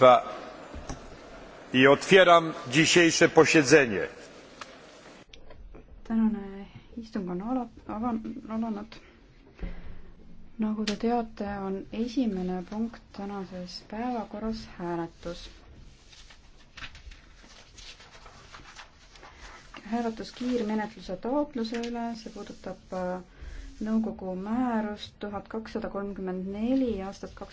państwa! otwieram dzisiejsze posiedzenie. tänane istung on alanud. nagu te teate, on esimene punkt tänases päevakorras hääletus. hääletus kiirmenetluse taotluse üle, see puudutab äh, nõukogu määrust tuhat kakssada kolmkümmend neli aastast kaks